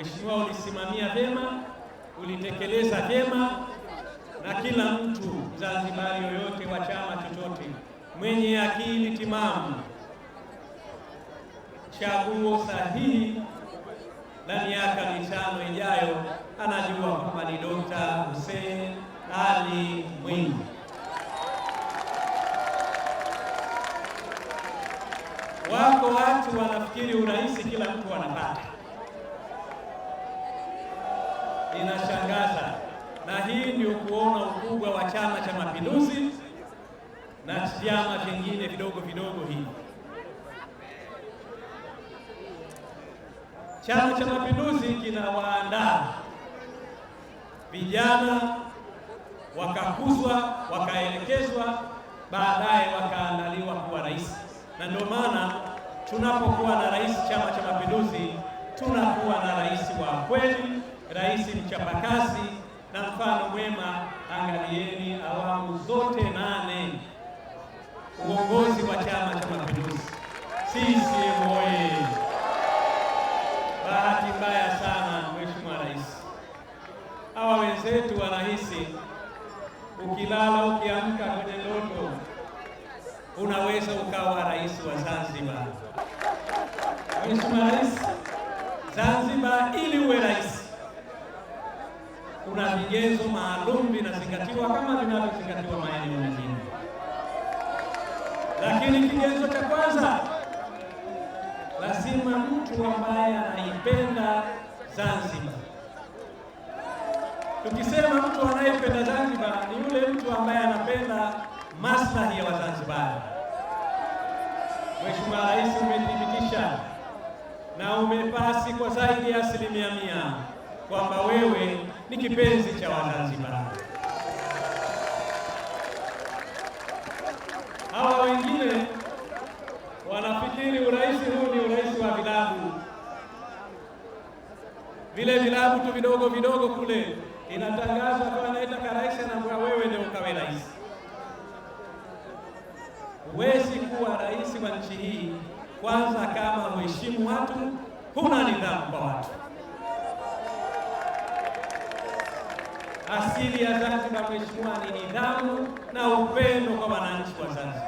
Mheshimiwa, ulisimamia vyema, ulitekeleza vyema, na kila mtu Mzanzibari yoyote wa chama chochote mwenye akili timamu, chaguo sahihi na miaka mitano ijayo anajua kwamba ni Dr. Hussein Ali Mwinyi. Wako watu wanafikiri urais kila mtu anapata inashangaza, na hii ndio kuona ukubwa wa Chama cha Mapinduzi na vyama vingine vidogo vidogo hivi. Chama cha Mapinduzi kinawaandaa vijana wakakuzwa, wakaelekezwa, baadaye wakaandaliwa kuwa rais, na ndio maana tunapokuwa na rais Chama cha Mapinduzi tunakuwa na rais wa kweli rais mchapakazi na mfano mwema. Angalieni awamu zote nane uongozi wa Chama cha Mapinduzi, CCM oyee! Bahati mbaya sana, mheshimiwa rais, hawa wenzetu wanahisi ukilala ukiamka kwenye ndoto unaweza ukawa rais wa Zanzibar. Mheshimiwa Rais, Zanzibar ili uwe rais kuna vigezo maalum vinazingatiwa kama vinavyozingatiwa maeneo mengine, lakini kigezo cha kwanza lazima mtu ambaye anaipenda Zanzibar. Tukisema mtu anayependa Zanzibar ni yule mtu ambaye anapenda maslahi ya Wazanzibari. Mheshimiwa Rais, umethibitisha na umepasi kwa zaidi ya asilimia mia kwamba wewe ni kipenzi cha Wazanzibari. Hawa wengine wanafikiri urais huu ni urais wa vilabu, vile vilabu tu vidogo vidogo kule inatangaza kwa anaita karais, anaambia wewe ndio ukawe rais. Huwezi kuwa rais wa nchi hii kwanza kama mheshimu watu, huna nidhamu kwa watu. asili ya Zanzibar, Mheshimiwa, ni nidhamu na upendo kwa wananchi wa Zanzibar.